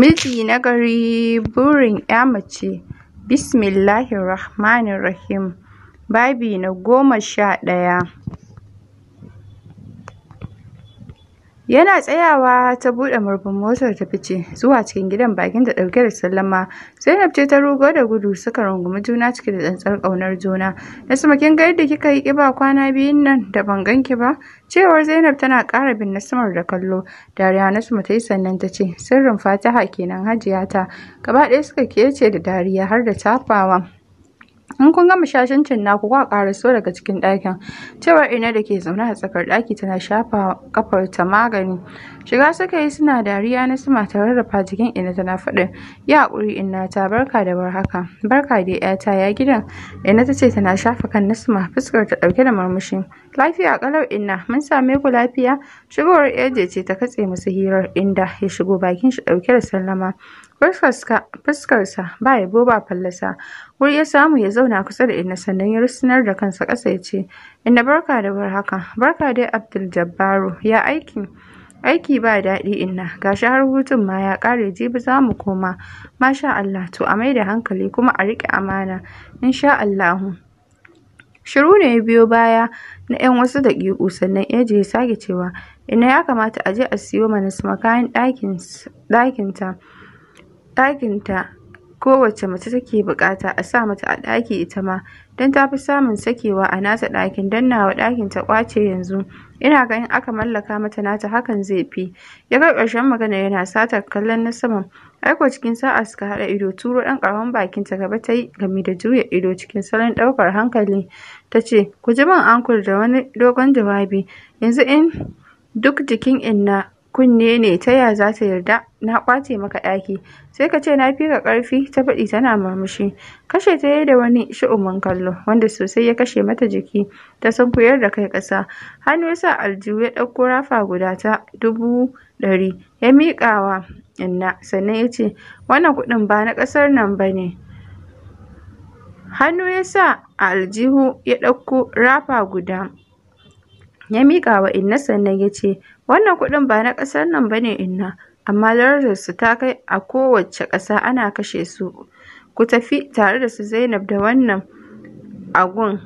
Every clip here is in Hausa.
Miji na gari burin 'ya mace Bismillahirrahmanirrahim. Babi na goma sha ɗaya. Yana tsayawa ta buɗe murfin motar ta fice zuwa cikin gidan bakin da ɗauke da sallama. Zainab ce ta rugo da gudu suka rungumi juna cike da tsantsar ƙaunar juna. suma kin ga yadda kika yi kiba kwana biyun nan da ban ganki ba? Cewar Zainab tana ƙara bin Nasimar da kallo. Dariya Nasima ta yi sannan ta ce sirrin Fatiha kenan Hajiya ta. Gaba ɗaya suka kece da dariya har da tafawa. in kun gama shashancin naku kwa so daga cikin ɗakin cewar ina da ke zaune a tsakar ɗaki tana shafa kafar ta magani shiga suka yi suna dariya na suma ta rarrafa jikin ina tana faɗi ya haƙuri ina ta barka da haka." barka da ƴata ya gidan ina ta ce tana shafa kan suma. fuskar ta ɗauke da murmushi lafiya ƙalau ina mun same ku lafiya shigowar ƴaje ce ta katse musu hirar inda ya shigo bakin shi ɗauke da sallama Fuskarsa ba ya bo ba fallasa, wuri ya samu ya zauna kusa da Inna sannan ya rusunar da kansa ƙasa ya ce, Inna barka da haka, barka dai Abdul Jabbaru, ya aiki? Aiki ba daɗi Inna, ga shi har hutun ma ya ƙare jibi za mu koma, masha Allah, to a mai da hankali kuma a riƙe amana, insha Allahu. Shiru ne ya biyo baya na 'yan wasu daƙiƙu sannan Eji ya sake cewa, Inna ya kamata a je a siyo mana su makayan ɗakinta. ɗakinta kowace mace take buƙata a sa mata a ɗaki ita ma don ta fi samun sakewa a nata ɗakin don nawa ɗakin ta ƙwace yanzu ina ganin aka mallaka mata nata hakan zai fi ya ga ƙarshen magana yana satar kallon na saman aiko cikin sa'a suka haɗa ido turo ɗan ƙaramin bakin ta gaba ta yi gami da juya ido cikin salon ɗaukar hankali ta ce ku ji min ankur da wani dogon jawabi yanzu in duk jikin inna kunne ne ta ya za ta yarda na kwace maka ɗaki sai ka ce na fira ƙarfi ta faɗi tana murmushi kashe ta yayi da wani shi'umin kallo wanda sosai ya kashe mata jiki ta sunkuyar da kai ƙasa hannu sa aljihu ya ɗauko rafa guda ta dubu ɗari ya miƙawa inna sannan ya ce wannan kuɗin ba na ƙasar nan ba ne hannu ya sa a aljihu ya ɗauko rafa guda ya miƙa wa Inna sannan ya ce, Wannan kuɗin ba na ƙasar nan ba ne Inna, amma su ta kai a kowace ƙasa ana kashe su. Ku tafi tare da su Zainab da wannan agun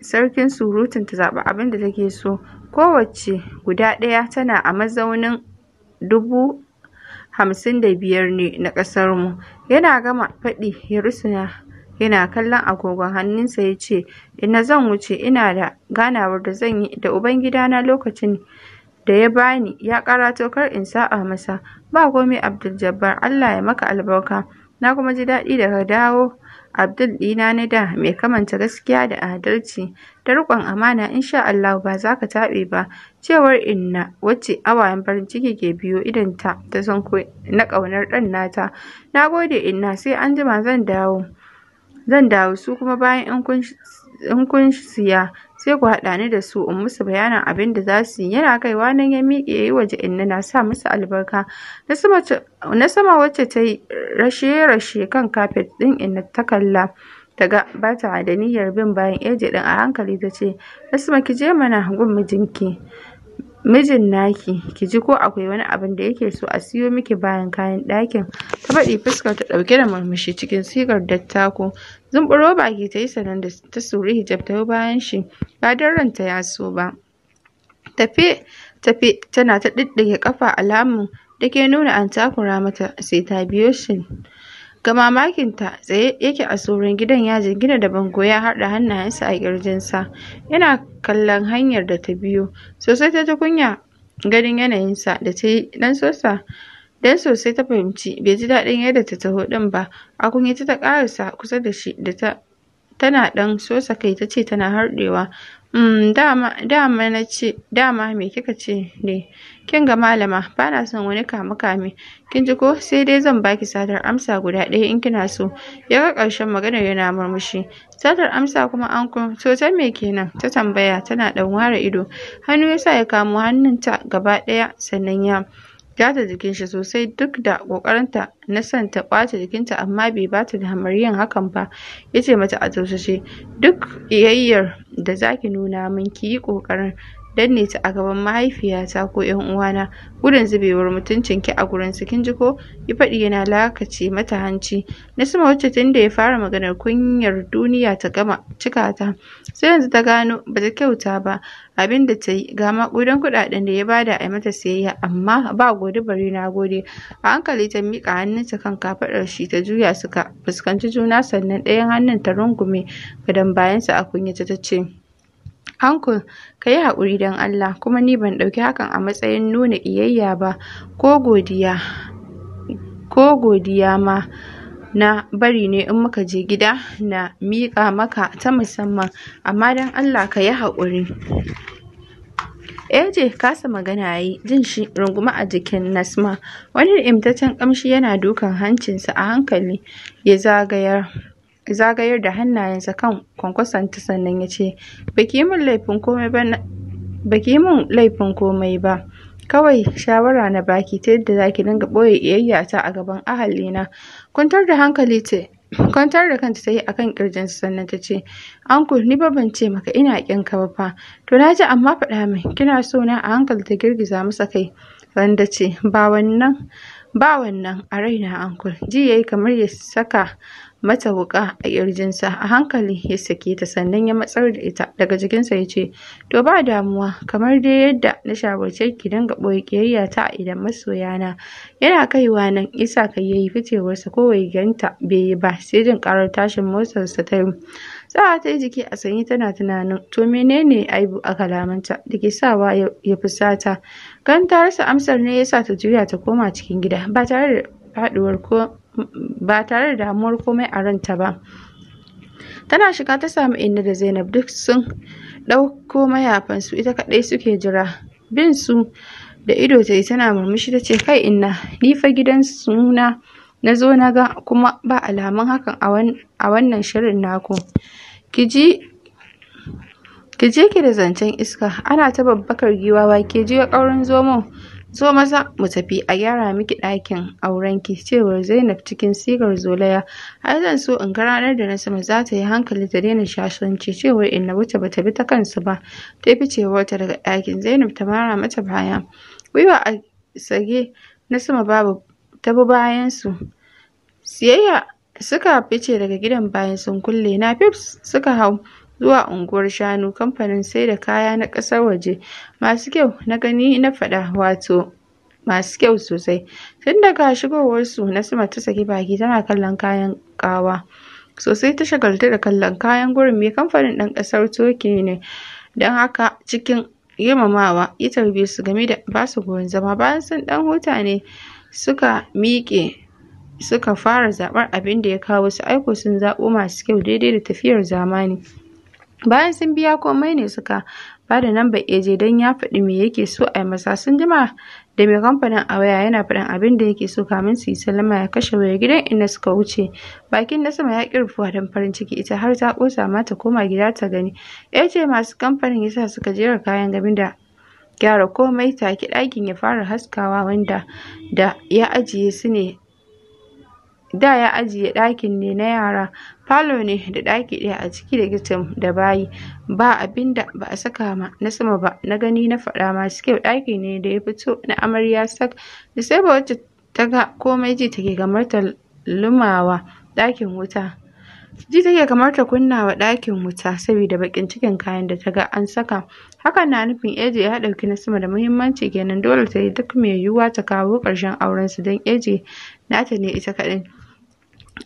sarkin surutun ta zaɓi abin da take so. Kowace guda ɗaya tana a mazaunin dubu hamsin da biyar ne na ƙasarmu. Yana gama faɗi ya rusuna yana kallon agogon hannunsa ya ce ina zan wuce ina da ganawar da zan yi da na lokacin da ya bani ya karato kar in sa'a masa ba komai abdul jabbar allah ya maka albarka na kuma ji daɗi da ka dawo abdul ɗina na da mai kamanta gaskiya da adalci da riƙon amana insha allah ba za ka taɓe ba cewar inna wacce awayen farin ciki ke biyo idanta ta sanko na ƙaunar ɗan nata na gode inna sai an jima zan dawo zan dawo su kuma bayan in kun siya sai ku haɗa ni da su in musu bayanin abin da za su yi yana kaiwa nan ya miƙe ya yi waje inna na sa musu albarka na sama wacce ta yi rashe-rashe kan kafet ɗin inna ta kalla ta ga ba ta da niyyar bin bayan eji ɗin a hankali ta ce nasima ki je mana gun mijinki mijin naki kiji ko akwai wani abin da yake so a siyo miki bayan kayan ɗakin ta faɗi fuskar ta ɗauke da murmushi cikin sigar dattako zumburo baki ta yi sanan da ta suri hijab ta bayan shi ba don ranta ya so ba tafe tafe tana ta ɗiɗɗige ƙafa alamun da ke nuna an takura mata sai ta biyo shi Ga mamakin ta tsaye yake a tsoron gidan ya jingina da bango ya haɗa hannayensa a ƙirjinsa, yana kallon hanyar da ta biyo. Sosai ta ji kunya ganin yanayinsa da ta yi ɗan sosa. Dan sosai ta fahimci bai ji daɗin yadda ta taho ɗin ba, a kunyace ta ƙarasa kusa da shi da ta tana ɗan sosa kai ta ce tana harɗewa Mm, dama, dama na ce, dama me kika ce ne? Kin ga malama, ba na son wani kame-kame. Kin ji ko sai dai zan baki satar amsa guda ɗaya in kina so. Ya ga ƙarshen maganar yana murmushi. Satar amsa kuma an kun, to ta me kenan? Ta tambaya tana ɗan ware ido. Hannu ya sa ya kamo hannunta gaba ɗaya sannan ya Bata jikin shi sosai duk da ƙoƙarinta na son ta ƙwace jikinta amma bai bata damar yin hakan ba. Ya ce mata a tausashe, "Duk ƙiyayyar da zaki nuna min ki yi ƙoƙarin danne ta a gaban mahaifiyata ko ƴan uwana gudun zubewar mutuncin ki a gurin su kin ji ko ki faɗi yana lakace mata hanci Na sama wacce tun da ya fara maganar kunyar duniya ta gama cika ta sai yanzu ta gano ba ta kyauta ba Abinda da ta yi ga maƙudan kuɗaɗen da ya bada a mata siyayya. amma ba gode bare na gode a hankali ta miƙa hannunta kan kafaɗar shi ta juya suka fuskanci juna sannan ɗayan hannun ta rungume gadon bayansa a kunyata ta ce hankul ka yi haƙuri don Allah, kuma ni ban ɗauki hakan a matsayin nuna ƙiyayya ba ko godiya ma na bari ne in muka je gida na miƙa maka ta musamman, amma don Allah ka yi haƙuri. Eh je kasa magana ya yi, jin shi rungumi a jikin Nasma, wani ri'imtaccen ƙamshi yana dukan hancinsa a hankali ya zagayar. zagayar da hannayensa kan kwankwasanta sannan ya ce baki yi laifin komai min laifin komai ba kawai shawara na baki ta yadda za ki dinga ɓoye iyayyata a gaban ahalina kwantar da hankali ce kwantar da kanta ta yi a kan ƙirjinsa sannan ta ce uncle ni ba ban ce maka ina ƙin ka fa to na ji amma faɗa min kina so na a hankali ta girgiza masa kai sannan ce ba wannan ba wannan a raina uncle ji yayi kamar ya saka mata wuƙa a ƙirjinsa a hankali ya sake ta sannan ya matsar da ita daga jikinsa ya ce to ba damuwa kamar dai yadda na shawarce ki dinga ɓoye kiyayya ta a idan masoyana yana kaiwa nan isa kai yayi ficewarsa ko ganta bai yi ba sai jin karar tashin motsarsa ta yi Sa'a ta yi jiki a sanyi tana tunanin to menene aibu a kalamanta da ke sawa ya fusata. Gan ta rasa amsar ne yasa ta juya ta koma cikin gida ba tare da faɗuwar ko ba tare da damuwar komai a ranta ba tana shiga ta samu inna da zainab duk sun ɗauko mayafansu ita kaɗai suke jira bin su da ido ta yi tana murmushi ta ce kai inna ni fa gidan suna na zo na ga kuma ba alamun hakan a wannan shirin naku ki je ki da zancen iska ana ta babbakar giwawa ke je ƙaurin zomo zo maza mu tafi a gyara miki ɗakin aurenki cewar zainab cikin sigar zolaya har zan so in ga ranar da na sama za ta yi hankali ta daina shashanci cewar inna wuce ba ta bi ta kansu ba ta cewar ta daga ɗakin zainab ta mara mata baya gwiwa a sage na babu ta bi bayan su siyayya suka fice daga gidan bayan sun kulle na fips suka hau zuwa unguwar shanu kamfanin sai da kaya na ƙasar waje masu kyau na gani na faɗa wato masu kyau sosai tun daga shigowarsu na sama ta saki baki tana kallon kayan kawa sosai ta shagaltu da kallon kayan gurin mai kamfanin ɗan ƙasar toki ne don haka cikin girmamawa yi tarbe su game da basu gurin zama bayan sun ɗan huta ne suka miƙe suka fara zaɓar abin da ya kawo su aiko sun zaɓo masu kyau daidai da tafiyar zamani bayan sun biya komai ne suka ba da lambar AJ don ya faɗi me yake so a yi masa sun jima da mai kamfanin a waya yana faɗin abin da yake so kamin su yi salama ya kashe waya gidan inda suka wuce bakin na sama ya ƙi rufuwa don farin ciki ita har ta ƙosa ma ta koma gida ta gani AJ masu kamfanin yasa suka jera kayan gamin da gyara komai take ɗakin ya fara haskawa wanda da ya ajiye su ne da ya ajiye ɗakin ne na yara falo ne da ɗaki ɗaya a ciki da kicin da bayi ba abinda ba a saka ma na sama ba na gani na faɗa ma scape ɗaki ne da ya fito na amarya sak da sai ba wacce ta ga komai ji take kamar ta lumawa ɗakin wuta ji take kamar ta kunna wa ɗakin wuta saboda baƙin cikin kayan da ta ga an saka hakan na nufin Eji ya ɗauki na sama da muhimmanci kenan dole ta yi duk mai yiwuwa ta kawo ƙarshen auren su don Eji nata ne ita kaɗai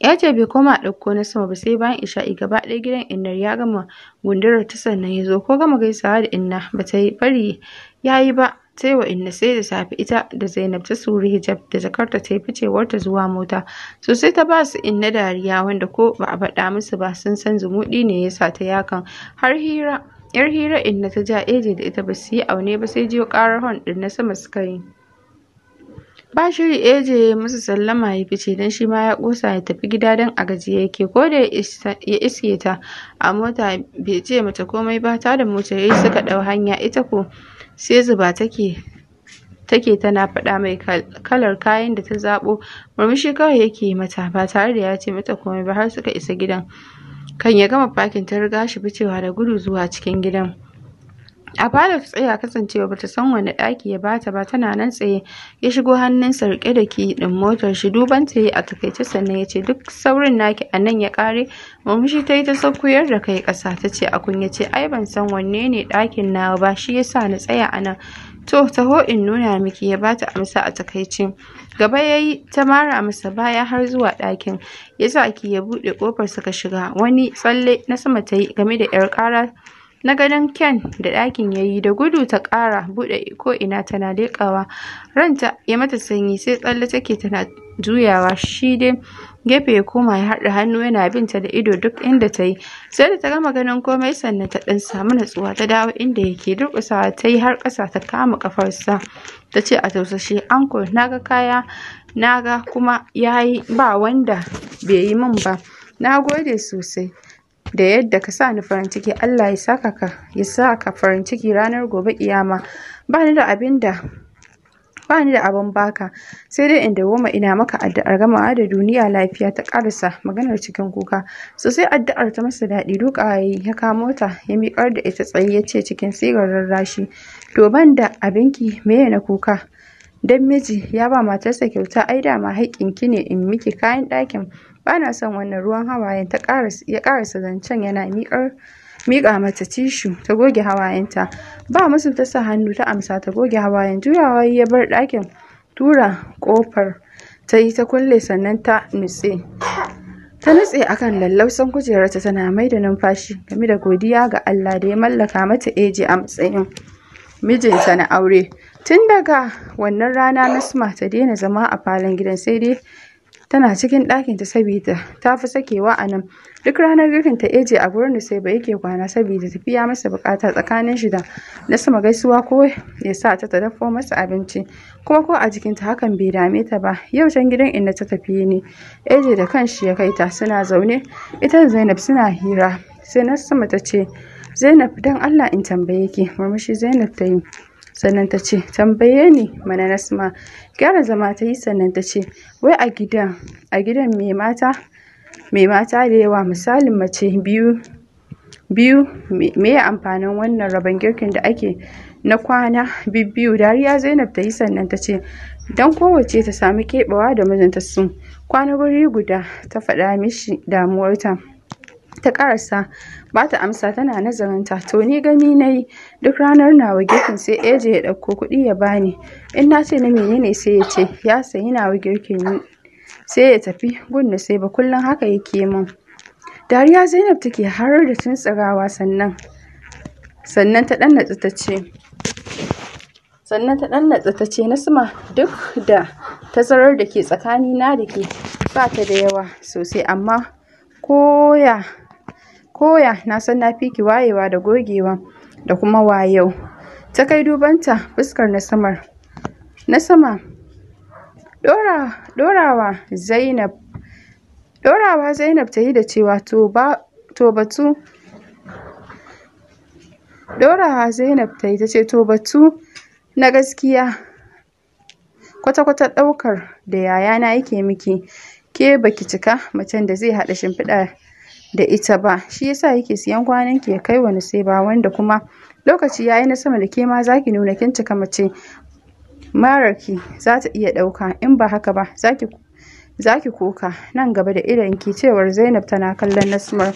yace bai koma a ɗauko na sama ba sai bayan isha'i gaba ɗaya gidan Innar ya gama gundurar ta sannan ya zo, ko gama gaisawa da Inna ba ta yi bari ya yi ba ta wa Inna sai da safi ita da Zainab ta suri hijab da jakarta ta yi ficewarta zuwa mota. Sosai ta ba su Inna dariya wanda ko ba a faɗa musu ba sun san zumuɗi ne ya sa ta yakan har hira. ‘Yar hira Inna ta ja eje da ita ba su yi aune ba sai jiyo ƙarar hon ɗin na sama suka yi. ba eje ya yi masa sallama ya fice don shi ma ya kosa ya tafi gida don a gajiye yake ko da ya iske ta a mota bai ce mata komai ba ta da ya yayi suka ɗau hanya ita ko sai zuba take take tana faɗa mai kalar kayan da ta zaɓo murmushi kawai yake ke mata ba tare da ya ce mata komai ba har suka isa gidan kan ya gama fakin ta riga shi ficewa da gudu zuwa cikin gidan a falo ta tsaya kasancewa bata san wani daki ya bata ba tana nan tsaye ya shigo hannunsa rike da ki din motar shi duban ta yi a takaice sannan ya ce duk saurin naki a nan ya kare mamushi ta yi ta sakuyar da kai ƙasa ta ce a kunya ce ai ban san wanne ne ɗakin na ba shi yasa na tsaya a nan to taho in nuna miki ya bata amsa a takaice gaba yayi ta mara masa baya har zuwa ɗakin yasa ki ya buɗe ƙofar suka shiga wani tsalle na sama ta yi game da 'yar kara na ganin Ken da ɗakin ya yi da gudu ta ƙara buɗe ko'ina tana leƙawa ranta ya mata sanyi sai tsalle take tana juyawa shi dai gefe ya koma ya haɗa hannu yana binta da ido duk inda ta yi sai da ta gama ganin komai sannan ta ɗan samu natsuwa ta dawo inda yake durƙusawa ta yi har ƙasa ta kama ƙafarsa ta ce a tausashe anko na ga kaya naga kuma ya yi ba wanda bai yi min ba na gode sosai da yadda ka sa ni farin ciki Allah ya saka ka ya saka farin ciki ranar gobe kiyama ba ni da abin ba ni da abin baka sai dai in dawoma ina maka addu'ar gamawa da duniya lafiya ta karsa maganar cikin kuka sosai addu'ar ta masa daɗi duka ya kamo ta ya miƙar da ita tsaye ya ce cikin sigar rarrashi to ban da abinki meye na kuka dan miji ya ba matarsa kyauta ai dama haƙƙinki ne in miki kayan ɗakin bana son wannan ruwan hawayen, ya karasa zancen yana miƙa mata tishu ta goge hawayenta. Ba musu ta sa hannu ta amsa ta goge hawayen. Juyawa ya bar ɗakin, tura ƙofar ta yi ta kulle sannan ta nutse. Ta nutse akan kan lallausan kujerarta tana mai da numfashi game da godiya ga Allah da ya mallaka mata eji a matsayin mijinta na aure. Tun daga wannan rana Nasma ta daina zama a falon gidan sai dai tana cikin ɗakinta sabida ta fi sakewa a nan duk ranar ta eje a gurin ba yake kwana sabida tafiya masa bukata tsakanin shi da na sama gaisuwa ko ya sa ta dafa masa abinci kuma ko a jikinta hakan bai dame ta ba yau can gidan inda ta tafi ne eje da kanshi ya kai ta suna zaune ita da Zainab suna hira sai na sama ta ce Zainab dan Allah in tambaye ki murmushi Zainab ta yi sannan ta ce tambaye ni mana nasma gyara zama ta yi sannan ta ce wai a gidan a gidan mai mata mai mata da yawa misalin mace biyu biyu me ya amfanin wannan rabon girkin da ake na kwana bibbiyu dariya zainab ta yi sannan ta ce don kowace ta sami keɓewa da mijinta sun kwana guri guda ta faɗa mishi damuwarta ta karasa ba ta amsa tana nazarin ta. to ni gami na yi duk ranar nawa girkin sai eje ya ɗauko kuɗi ya bani in na ce na menene sai ya ce ya sayi nawa girkin sai ya tafi gun sai ba kullum haka yake min dariya zainab take har da tuntsirawa sannan sannan ta dan natsa tace sannan ta ɗan natsa ta ce nasima duk da tazarar da ke tsakanina da ke ba ta da yawa sosai amma koya koya na san na fi ki wayewa da gogewa da kuma wayau ta kai dubanta fuskar na samar na sama Dora, dorawa zainab dorawa zainab ta yi da cewa to ba to batu dorawa zainab ta yi ta ce to batu na gaskiya kwata-kwata ɗaukar da yayana yake miki ke baki cika macen da zai haɗa shimfiɗa da ita ba shi yasa yake siyan kwanan ki ya kai sai ba wanda kuma lokaci yayi na sama da ke ma zaki nuna kin cika mace marar ki za ta iya ɗauka in ba haka ba zaki zaki koka nan gaba da idon ki cewar Zainab tana kallon Nasmar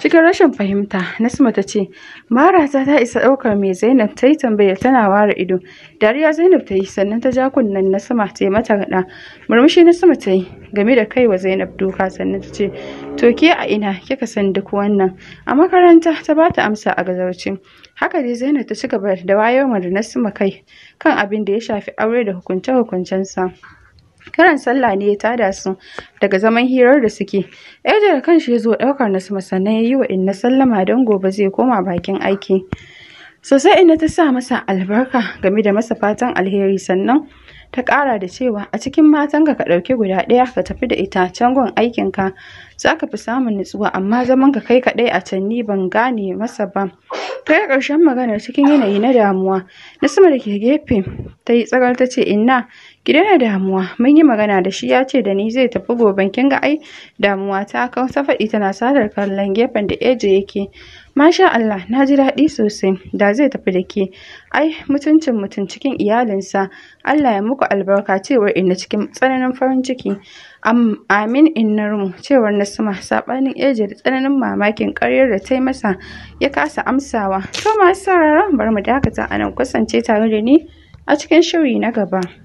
Cikin rashin fahimta, Nasma ta ce, "Marata ta isa ɗaukar mai Zainab ta yi tambaya tana ware ido." Dariya Zainab ta yi sannan ta ja kunnen Nasma ta yi mata gaɗa. Murmushi Nasma ta yi game da kai wa Zainab duka sannan ta ce, "To ke a ina kika san duk wannan?" A makaranta ta ba ta amsa a gazarci. Haka dai Zainab ta ci gaba da wayar da Nasma kai kan abin da ya shafi aure da hukunce-hukuncensa. karan sallah ne ya tada su daga zaman hirar da suke ejo kan kanshi ya zo ɗaukar na sama ya yi wa inna sallama don gobe zai koma bakin aiki sosai inna ta sa masa albarka game da masa fatan alheri sannan ta ƙara da cewa a cikin matanka ka ɗauki guda ɗaya ka tafi da ita can aikin ka za ka fi samun nutsuwa amma zaman ka kai kaɗai a can ni ban gane masa ba ta yi ƙarshen maganar cikin yanayi na damuwa na sama da ke gefe ta yi tsagar ta ce inna gida na damuwa mun yi magana da shi ya ce da ni zai tafi goben kin ga ai damuwa ta kau ta faɗi tana sadar kallon gefen da eje yake masha Allah na ji daɗi sosai da zai tafi da ke ai mutuncin mutum cikin iyalinsa Allah ya muku albarka cewar inna cikin tsananin farin ciki amin inna rumu cewar na sama. saɓanin eje da tsananin mamakin ƙaryar da ta yi masa ya kasa amsawa to masu sauraron bari mu dakata A anan kusance tare da ni a cikin shiri na gaba